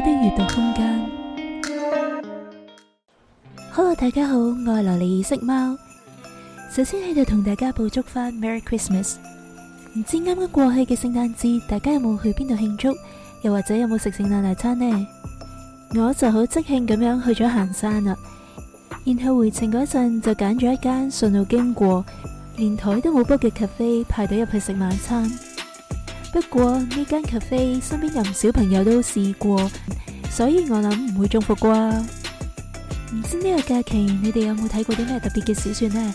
的閱讀空間。Hello，大家好，我係琉璃異色貓。首先喺度同大家補祝翻 Merry Christmas。唔知啱啱過去嘅聖誕節，大家有冇去邊度慶祝？又或者有冇食聖誕大餐呢？我就好即興咁樣去咗行山啦。然後回程嗰陣就揀咗一間順路經過、連台都冇 book 嘅咖啡排隊入去食晚餐。不過呢間 cafe 身邊有唔少小朋友都試過，所以我諗唔會中伏啩。唔知呢個假期你哋有冇睇過啲咩特別嘅小說呢？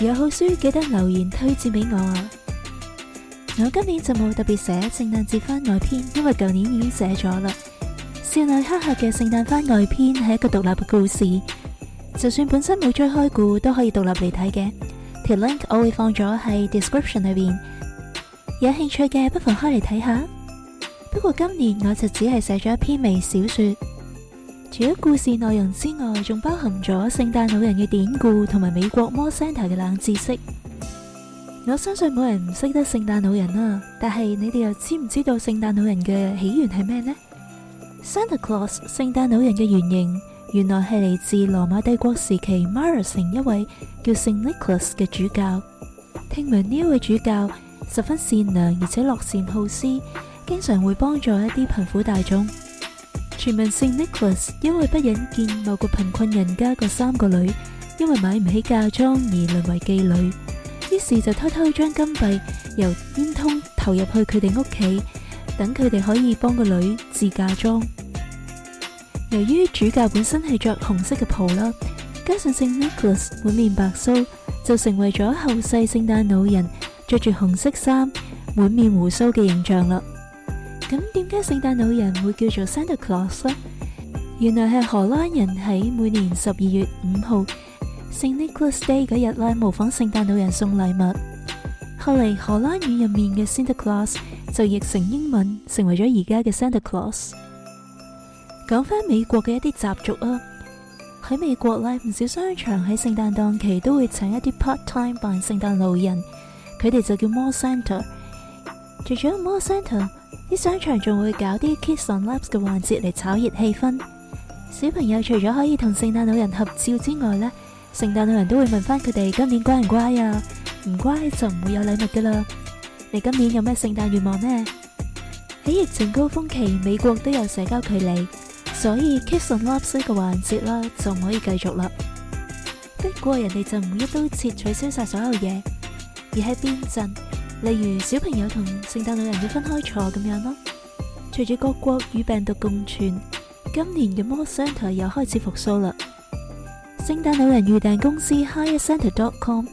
有好書記得留言推薦俾我啊。我今年就冇特別寫聖誕節番外篇，因為舊年已經寫咗啦。少女黑客嘅聖誕番外篇係一個獨立嘅故事，就算本身冇追開故都可以獨立嚟睇嘅。條 link 我會放咗喺 description 裏邊。有興趣嘅不妨開嚟睇下。不過今年我就只係寫咗一篇微小說，除咗故事內容之外，仲包含咗聖誕老人嘅典故同埋美國 mall Santa 嘅冷知識。我相信冇人唔識得聖誕老人啊，但係你哋又知唔知道聖誕老人嘅起源係咩呢？Santa Claus，聖誕老人嘅原型原來係嚟自羅馬帝國時期 m a 馬耳省一位叫聖尼古拉斯嘅主教。聽聞呢位主教，十分善良而且樂善好施，經常會幫助一啲貧苦大眾。傳聞聖尼古拉斯因為不忍見某個貧困人家個三個女因為買唔起嫁妝而淪為妓女，於是就偷偷將金幣由煙通投入去佢哋屋企，等佢哋可以幫個女置嫁妝。由於主教本身係着紅色嘅袍啦，加上聖尼古拉斯滿面白鬚，就成為咗後世聖誕老人。着住紅色衫，滿面鬍鬚嘅形象啦。咁點解聖誕老人會叫做 Santa Claus 咧？原來係荷蘭人喺每年十二月五號，Saint Nicholas Day 嗰日咧，模仿聖誕老人送禮物。後嚟荷蘭語入面嘅 Santa Claus 就譯成英文，成為咗而家嘅 Santa Claus。講翻美國嘅一啲習俗啊，喺美國咧，唔少商場喺聖誕檔期都會請一啲 part time 扮聖誕老人。佢哋就叫 mall Santa，除咗 mall Santa，啲商場仲會搞啲 kids on laps 嘅環節嚟炒熱氣氛。小朋友除咗可以同聖誕老人合照之外咧，聖誕老人都會問翻佢哋今年乖唔乖啊？唔乖，乖就唔會有禮物噶啦。你今年有咩聖誕願望呢？喺疫情高峰期，美國都有社交距離，所以 kids on laps 呢個環節啦，仲可以繼續啦。不過人哋就唔一刀切取消晒所有嘢。而喺邊陣，例如小朋友同聖誕老人要分開坐咁樣咯。隨住各國與病毒共存，今年嘅 Mall Santa 又開始復蘇啦。聖誕老人預訂公司 Hire Santa dot com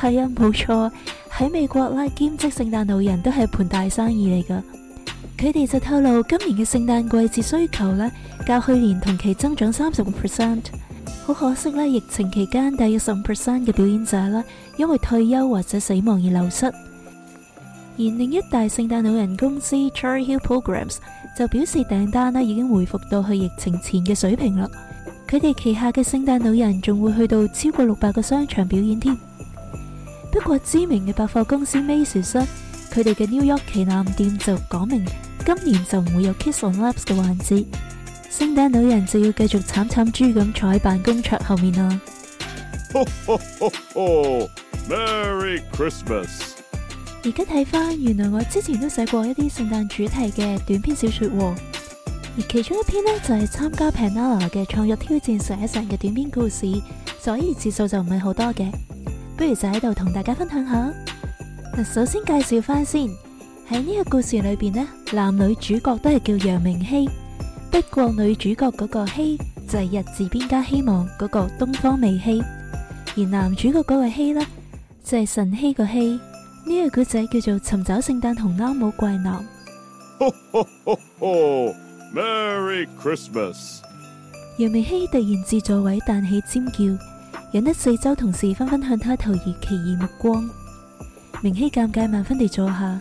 係啊，冇錯，喺美國啦，兼職聖誕老人都係一盤大生意嚟噶。佢哋就透露今年嘅聖誕季節需求呢，較去年同期增長三十個 percent。好可惜咧，疫情期間大約十 percent 嘅表演者啦，因為退休或者死亡而流失。而另一大聖誕老人公司 c h e r r y Hill Programs 就表示訂單呢已經回復到去疫情前嘅水平啦。佢哋旗下嘅聖誕老人仲會去到超過六百個商場表演添。不過知名嘅百貨公司 m s 梅 s 佢哋嘅 New York 旗艦店就講明今年就唔會有 Kiss o n Lips 嘅環節。聖誕老人就要繼續慘慘豬咁坐喺辦公桌後面啦。而家睇翻，原來我之前都寫過一啲聖誕主題嘅短篇小說，而其中一篇呢，就係參加 Penana 嘅創作挑戰寫成嘅短篇故事，所以字數就唔係好多嘅。不如就喺度同大家分享下。首先介紹翻先，喺呢個故事裏邊呢，男女主角都係叫楊明熙。不過女主角嗰個希就係日字邊加希望嗰個東方美希，而男主角嗰個希呢，就係神希個希。呢個古仔叫做《尋找聖誕紅冷帽怪男》。哦 Merry Christmas！楊美希突然自座位彈起尖叫，引得四周同事紛紛向他投以奇異目光。明希尷尬萬分地坐下，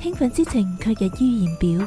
興奮之情卻溢於言表。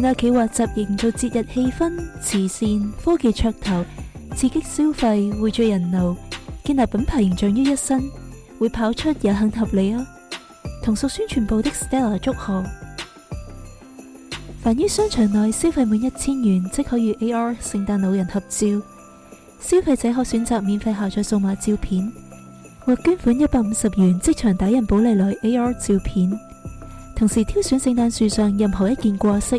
呢個企劃集營造節日氣氛、慈善、科技噱頭、刺激消費、匯聚人流、建立品牌形象於一身，會跑出也很合理啊，哦！同屬宣傳部的 Stella 祝賀，凡於商場內消費滿一千元，即可與 AR 聖誕老人合照。消費者可選擇免費下載數碼照片，或捐款一百五十元即場打印寶麗來 AR 照片，同時挑選聖誕樹上任何一件掛飾。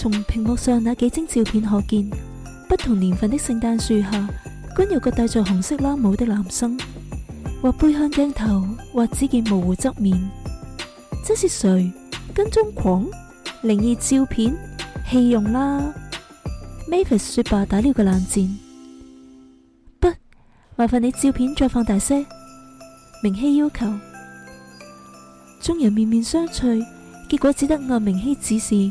從屏幕上那幾張照片可見，不同年份的聖誕樹下，均有個戴着紅色冷帽的男生，或背向鏡頭，或只見模糊側面。這是誰？跟蹤狂？靈異照片？棄用啦！Mavis 說罷打了個冷戰。不，麻煩你照片再放大些，明熙要求。眾人面面相覷，結果只得按明熙指示。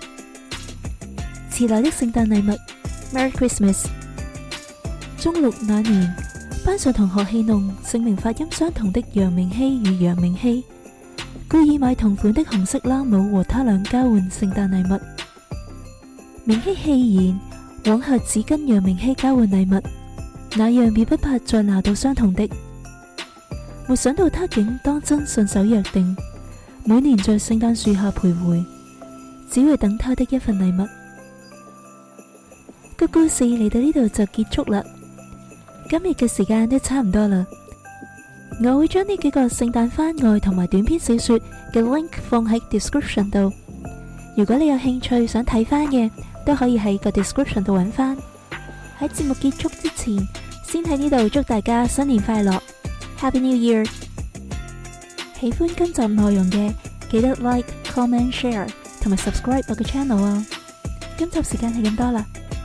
遲來的聖誕禮物，Merry Christmas。中六那年，班上同學戲弄姓名發音相同的楊明希與楊明希，故意買同款的紅色冷帽和他倆交換聖誕禮物。明希戲言，往後只跟楊明希交換禮物，那樣便不怕再拿到相同的。沒想到他竟當真信守約定，每年在聖誕樹下徘徊，只為等他的一份禮物。個故事嚟到呢度就結束啦。今日嘅時間都差唔多啦，我會將呢幾個聖誕番外同埋短篇小說嘅 link 放喺 description 度。如果你有興趣想睇翻嘅，都可以喺個 description 度搵翻。喺節目結束之前，先喺呢度祝大家新年快樂，Happy New Year！喜歡今集內容嘅，記得 like、comment、share 同埋 subscribe 我個 channel 啊。今集時間係咁多啦。